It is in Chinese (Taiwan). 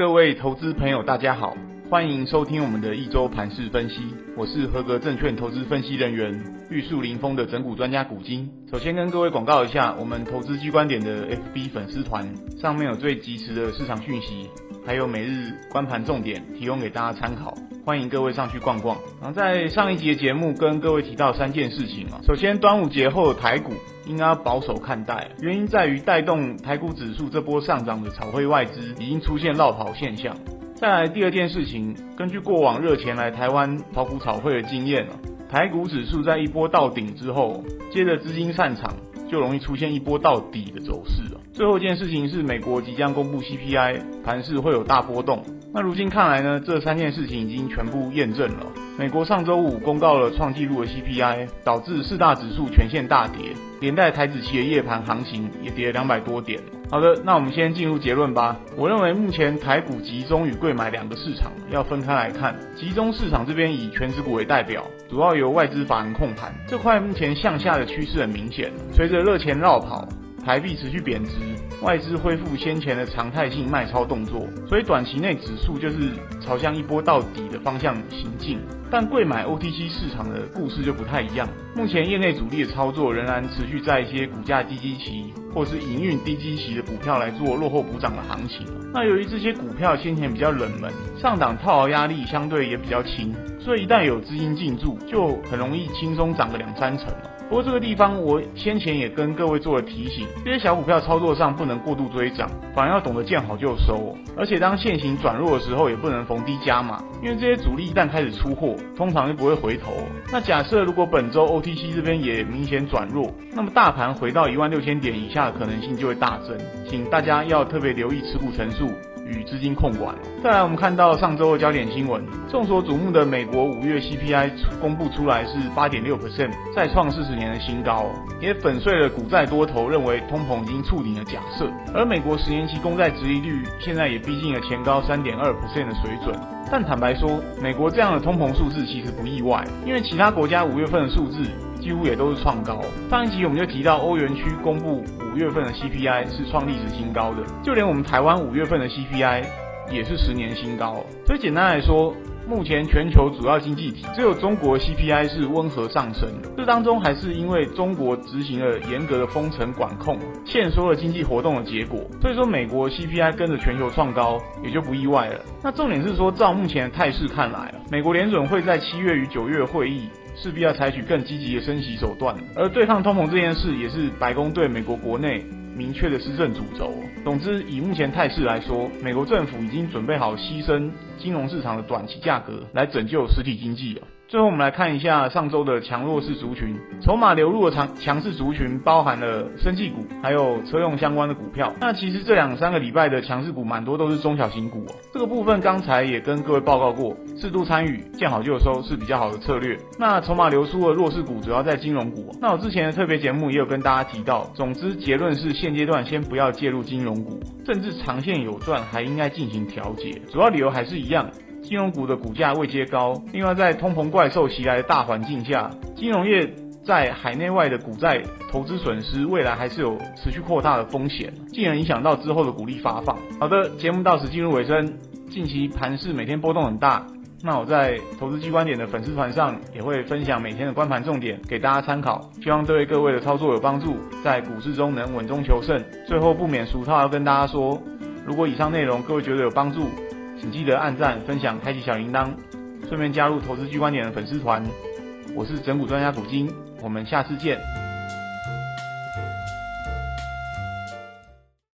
各位投資朋友，大家好，歡迎收聽我們的一周盤勢分析。我是合格證券投資分析人員、玉樹臨風的整股專家古金。首先跟各位廣告一下，我們投資 G 觀點的 FB 粉絲團，上面有最及時的市場訊息，還有每日觀盤重點，提供給大家參考。歡迎各位上去逛逛。然後在上一集節目跟各位提到三件事情啊，首先端午節後的台股。應該保守看待，原因在於帶動台股指數這波上漲的炒匯外資已經出現落跑現象。再來第二件事情，根據過往熱錢來台灣炒股炒匯的經驗，台股指數在一波到頂之後，接着資金散場，就容易出現一波到底的走勢。最後一件事情是，美國即將公布 CPI，盤勢會有大波動。那如今看來呢，這三件事情已經全部驗證了。美國上周五公告了創紀錄的 CPI，導致四大指數全線大跌，連帶台指期的夜盤行情也跌了兩百多點。好的，那我們先進入結論吧。我認為目前台股集中與櫃買兩個市場要分開來看，集中市場這邊以權值股為代表，主要由外資法人控盤，這塊目前向下的趨勢很明顯，隨着熱錢繞跑，台幣持續貶值。外資恢復先前的常態性賣超動作，所以短期內指數就是朝向一波到底的方向行進。但櫃買 OTC 市場的故事就不太一樣，目前業內主力的操作仍然持續在一些股價低基期或是營運低基期，期的股票來做落後補漲的行情。那由於這些股票先前比較冷門，上檔套牢壓力相對也比較輕，所以一旦有資金進駐，就很容易輕鬆漲個兩三成。不過這個地方，我先前也跟各位做了提醒，這些小股票操作上不能過度追漲，反而要懂得見好就收哦。而且當線型轉弱的時候，也不能逢低加碼，因為這些主力一旦開始出貨，通常就不會回頭哦。那假設如果本周 OTC 這邊也明顯轉弱，那麼大盤回到一萬六千點以下的可能性就會大增，請大家要特別留意持股成數。與資金控管。再來，我們看到上周的焦點新聞，眾所矚目的美國五月 CPI 公布出來是八點六%，再創四十年的新高，也粉碎了股債多頭認為通膨已經觸頂的假設。而美國十年期公債殖利率現在也逼近了前高三點二%的水準。但坦白說，美國這樣的通膨數字其實不意外，因為其他國家五月份的數字幾乎也都是創高。上一集我們就提到，歐元區公布五月份的 CPI 是創歷史新高的，就連我們台灣五月份的 CPI 也是十年新高。所以簡單來說，目前全球主要經濟體只有中國 CPI 是溫和上升，這當中還是因為中國執行了嚴格的封城管控、限縮了經濟活動的結果。所以說美國 CPI 跟着全球創高也就不意外了。那重點是說，照目前的態勢看來，美國聯準會在七月與九月會議勢必要採取更積極的升息手段，而對抗通膨這件事也是白宮對美國國內明確的施政主軸。總之，以目前態勢來說，美國政府已經準備好犧牲金融市場的短期價格，來拯救實體經濟了。最後，我們來看一下上周的強弱勢族群，籌碼流入的強強勢族群包含了生技股，還有車用相關的股票。那其實這兩三個禮拜的強勢股蠻多都是中小型股哦、啊。這個部分剛才也跟各位報告過，適度參與，見好就收是比較好的策略。那籌碼流出的弱勢股主要在金融股、啊。那我之前的特別節目也有跟大家提到，總之結論是現階段先不要介入金融股，甚至長線有賺還應該進行調節。主要理由還是一樣。金融股的股價未接高，另外在通膨怪獸襲來的大環境下，金融業在海內外的股債投資損失未來還是有持續擴大的風險，進而影響到之後的股利發放。好的，節目到此進入尾聲。近期盤勢每天波動很大，那我在投資 G 觀點的粉絲團上也會分享每天的觀盤重點給大家參考，希望對各位的操作有幫助，在股市中能穩中求勝。最後不免俗套，要跟大家說，如果以上內容各位覺得有幫助。請記得按贊、分享、開啟小鈴鐺，順便加入投資 G 觀點的粉絲團。我是整股專家古金，我們下次見。